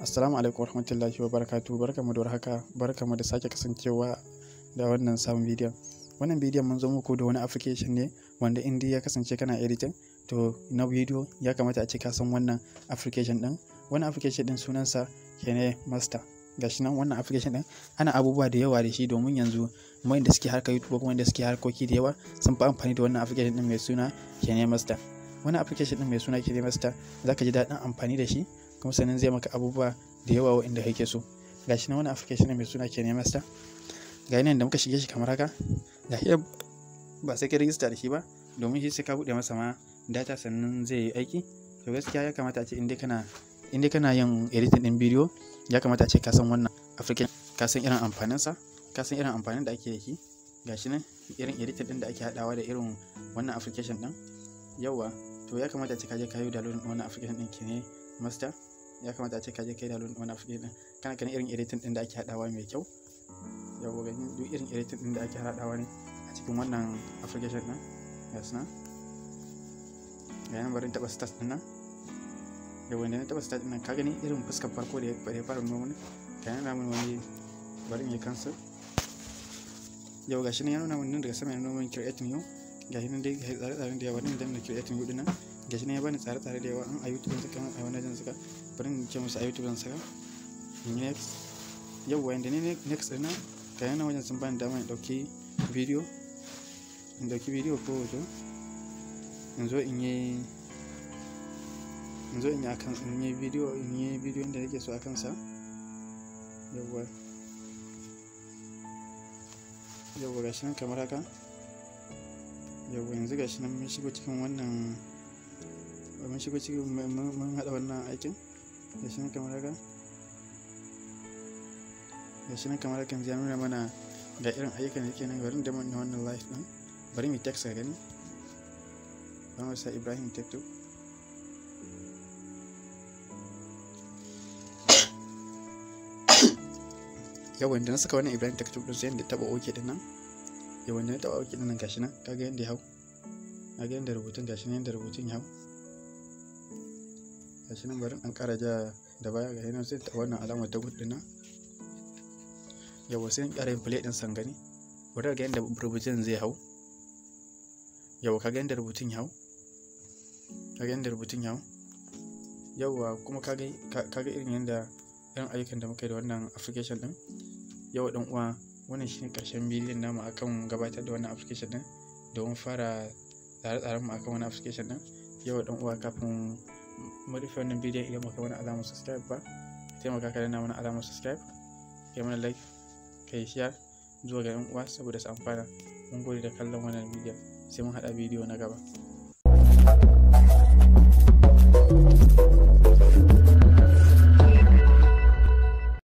Assalamu alaikum warahmatullahi wabarakatuh barkamu da warhaka barkamu da sake kasancewa da wannan sabon bidiyon wannan bidiyon mun zo muku da wani application ne wanda indi ya kasance kana editing to na video ya kamata a ce ka san wannan application din wannan application din sunansa kene master gashi nan wannan application din ana abubuwa da yawa da shi domin yanzu mai da suke harkar YouTube kuma da suke harkoki da yawa sun fi amfani da wannan application din mai suna kene master wannan application din mai suna kene master ka ji daɗin amfani da shi kuma sannan zai maka abubuwa da yawa inda kake so shi na wani application mai suna ke ne master ga yanayin da muka shige shi kamar haka ga shi ba sai ka rijista da shi ba domin shi sai ka buɗe masa ma data sannan zai yi aiki to gaskiya ya kamata a ce inda kana indai kana yin editing din bidiyo ya kamata a ce ka san wannan application ka san irin amfaninsa ka san irin amfanin da ake da shi shi nan irin editing din da ake haɗawa da irin wannan application din yawa to ya kamata a ce ka je da yi wani afirka ɗin ki ne master ya kamata a ce ka je da yi wani afirka ɗin kana kan irin editing ɗin da ake haɗawa mai kyau yawwa ganin duk irin editing ɗin da ake haɗawa ne a cikin wannan application ɗin yasina su ga barin taɓa stats ɗin nan da da na taɓa stats ɗin nan ka gani irin fuskar farko da ya fara nuna mana ga yanan namun wani barin ya cancel yau gashi ne ya nuna mun daga sama ya nuna mun create new gashi nan dai gashi tsare-tsaren da yawa bari idan na creating hudu nan gashi nan ya bani tsare-tsare da yawa an a youtube zan saka a wani zan saka bari in ce musu a youtube zan saka next ne next nan wajen sun bani dama in video in video ko hoto in zo in yi in zo in yi akan in yi video in yi video da nake so akan sa yawwa gashi nan kamar haka yau yanzu gashi nan mun shigo cikin wannan mun shigo cikin mun haɗa wannan aikin gashi nan kamar haka gashi nan kamar haka ya nuna mana ga irin ayyukan da yake nan garin da mun wannan live din bari mu text ka gani bari mu sa Ibrahim Tekto yawan da na saka wannan Ibrahim Tekto din sai da taba oke din nan ya wannan ya taɓa auki ɗinnan gashi nan kaga yadda ya hau kaga yadda rubutun gashi nan yadda rubutun ya hau gashi nan bari an ƙara ja da baya ga yanar sai ta wannan alama ta gudu na? yawa sai in ƙara yin play ɗin sangani bari ga yadda rubutun zai hau yawa kaga yadda rubutun ya hau kaga yadda rubutun ya hau yawa kuma kaga irin yadda irin ayyukan da muka yi da wannan application ɗin yawa ɗan uwa wannan shine karshen bidiyon namu akan gabatar da wannan application din domin fara tsare-tsaren mu akan wani application din yau dan uwa kafin mu rufe wannan bidiyon idan muka wani alamar subscribe ba taimaka ka da wani alamar subscribe kai mana like kai share zuwa ga yan uwa saboda su amfana mun gode da kallon wannan bidiyon sai mun haɗa bidiyo na gaba